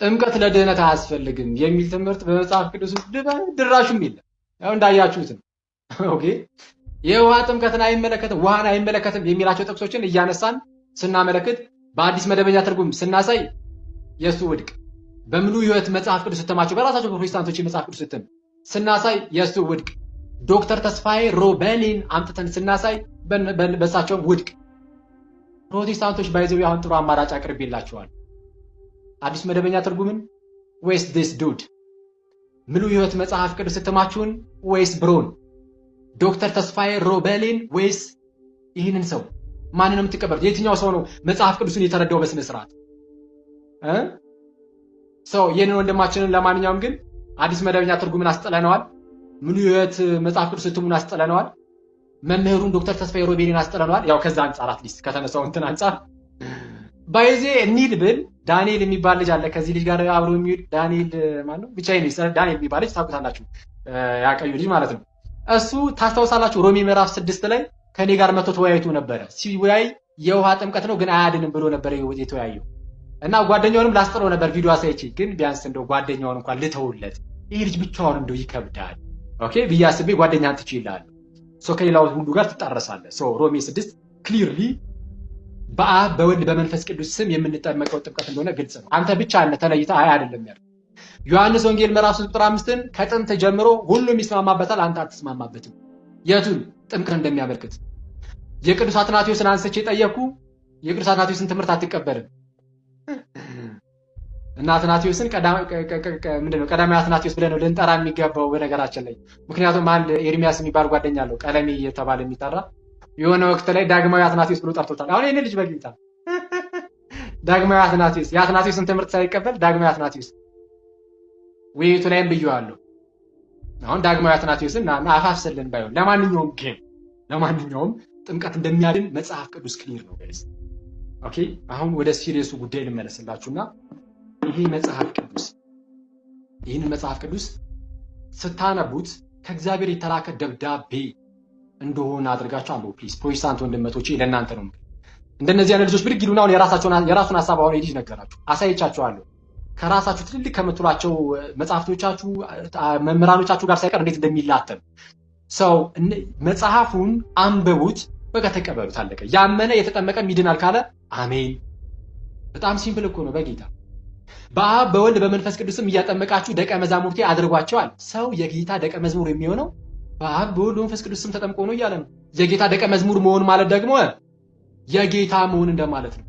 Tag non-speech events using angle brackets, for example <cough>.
ጥምቀት ለድህነት አያስፈልግም የሚል ትምህርት በመጽሐፍ ቅዱስ ድራሹም የለም። ያው እንዳያችሁት ነው። <laughs> የውሃ ጥምቀትን አይመለከትም፣ ውሃን አይመለከትም የሚላቸው ጥቅሶችን እያነሳን ስናመለክት በአዲስ መደበኛ ትርጉም ስናሳይ የእሱ ውድቅ፣ በምሉ ህይወት መጽሐፍ ቅዱስ ስትማቸው በራሳቸው በፕሮቴስታንቶች የመጽሐፍ ቅዱስ ስትም ስናሳይ የእሱ ውድቅ፣ ዶክተር ተስፋዬ ሮበሊን አምጥተን ስናሳይ በእሳቸውም ውድቅ። ፕሮቴስታንቶች ባይዘው አሁን ጥሩ አማራጭ አቅርቤላቸዋል። አዲስ መደበኛ ትርጉምን ወይስ ዲስ ዱድ? ምሉ ህይወት መጽሐፍ ቅዱስ እትማችሁን ወይስ ብሮን? ዶክተር ተስፋዬ ሮበሌን ወይስ ይህንን ሰው ማንንም የምትቀበሉት? የትኛው ሰው ነው መጽሐፍ ቅዱስን የተረዳው በስነ ስርዓት ሰው ይህንን ወንድማችንን ለማንኛውም ግን አዲስ መደበኛ ትርጉምን አስጥለነዋል። ምሉ ህይወት መጽሐፍ ቅዱስ እትሙን አስጥለነዋል። መምህሩን ዶክተር ተስፋዬ ሮቤሌን አስጥለነዋል። ያው ከዛ አንጻር አትሊስት ከተነሳው እንትን አንጻር ባይዜ ኒድ ብል ዳንኤል የሚባል ልጅ አለ። ከዚህ ልጅ ጋር አብሮ የሚሄድ ዳንኤል ማነው ብቻዬን ዳንኤል የሚባል ልጅ ታውቁታላችሁ፣ ያቀዩ ልጅ ማለት ነው። እሱ ታስታውሳላችሁ፣ ሮሚ ምዕራፍ ስድስት ላይ ከእኔ ጋር መቶ ተወያይቶ ነበረ። ሲወያይ የውሃ ጥምቀት ነው ግን አያድንም ብሎ ነበረ የተወያየው እና ጓደኛውንም ላስጥረው ነበር ቪዲዮ አሳይቼ፣ ግን ቢያንስ እንደው ጓደኛውን እንኳን ልተውለት፣ ይህ ልጅ ብቻውን እንደው ይከብዳል ኦኬ ብዬ አስቤ ጓደኛህን ትችላለህ፣ ከሌላው ሁሉ ጋር ትጣረሳለህ። ሮሜ ስድስት ክሊርሊ በአብ በወልድ በመንፈስ ቅዱስ ስም የምንጠመቀው ጥምቀት እንደሆነ ግልጽ ነው። አንተ ብቻ ነህ ተለይተህ አይ አይደለም ያለው። ዮሐንስ ወንጌል ምዕራፍ 3 ቁጥር አምስትን ከጥንት ጀምሮ ሁሉም ይስማማበታል፣ አንተ አትስማማበትም። የቱን ጥምቀት እንደሚያመልክት የቅዱስ አትናቴዎስን አንስቼ ጠየቅኩ። የቅዱስ አትናቴዎስን ትምህርት አትቀበልም እና አትናቴዎስን ምንድን ነው ቀዳማዊ አትናቴዎስ ነው ልንጠራ የሚገባው በነገራችን ላይ ምክንያቱም አንድ ኤርሚያስ የሚባል ጓደኛ አለው ቀለሜ እየተባለ የሚጠራ የሆነ ወቅት ላይ ዳግማዊ አትናቴዎስ ብሎ ጠርቶታል። አሁን ይህን ልጅ በግኝታል። ዳግማዊ አትናቴዎስ የአትናቴዎስን ትምህርት ሳይቀበል ዳግማዊ አትናቴዎስ ውይይቱ ላይም ብየዋለሁ። አሁን ዳግማዊ አትናቴዎስን ና አፋፍስልን ባይሆን፣ ለማንኛውም ግን ለማንኛውም ጥምቀት እንደሚያድን መጽሐፍ ቅዱስ ክሊር ነው ኦኬ አሁን ወደ ሲሪየሱ ጉዳይ ልመለስላችሁና ይሄ መጽሐፍ ቅዱስ ይህንን መጽሐፍ ቅዱስ ስታነቡት ከእግዚአብሔር የተላከ ደብዳቤ እንደሆነ አድርጋችሁ አንብቡ ፕሊዝ። ፕሮቴስታንት ወንድመቶቼ ለእናንተ ነው። እንደነዚህ አይነት ልጆች ብድግ ይሉና አሁን የራሱን ሀሳብ አሁን ልጅ ነገራችሁ አሳይቻችኋለሁ። ከራሳችሁ ትልልቅ ከምትሏቸው መጽሐፍቶቻችሁ መምህራኖቻችሁ ጋር ሳይቀር እንዴት እንደሚላተም ሰው መጽሐፉን አንብቡት። በቃ ተቀበሉት፣ አለቀ። ያመነ የተጠመቀ ይድናል ካለ አሜን። በጣም ሲምፕል እኮ ነው። በጌታ በአብ በወልድ በመንፈስ ቅዱስም እያጠመቃችሁ ደቀ መዛሙርቴ አድርጓቸዋል። ሰው የጌታ ደቀ መዝሙር የሚሆነው በአብ በወልድ በመንፈስ ቅዱስ ስም ተጠምቆ ነው እያለ ነው። የጌታ ደቀ መዝሙር መሆን ማለት ደግሞ የጌታ መሆን እንደማለት ነው።